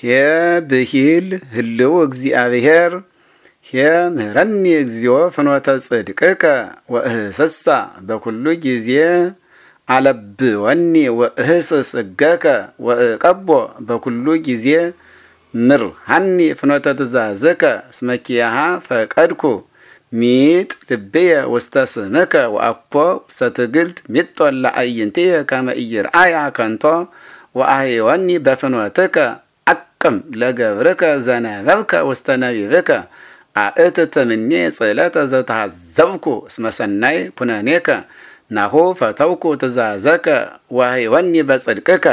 ኄ ብሂል ህልው እግዚአብሔር ኄ ምህረኒ እግዚኦ ፍኖተ ጽድቅከ ወእህስሳ በኩሉ ጊዜ አለብወኒ ወእህስስ እገከ ወእቀቦ በኩሉ ጊዜ ሃኒ ፍኖተ ትእዛዝከ ስመኪያሃ ፈቀድኩ ሚጥ ልብየ ውስተ ስምከ ወአኮ ውስተ ትግልት ሚጦ ለአዕይንትየ ከመ ከንቶ ወአህወኒ በፍኖትከ አቅም ለገብርከ ዘነበብከ ውስተ ነቢብከ አእት ትምኔ ጽእለተ ዘተሃዘብኩ እስመ ሰናይ ኩነኔከ ናሁ ፈተውኩ ትእዛዘከ ወህይወኒ በጽድቅከ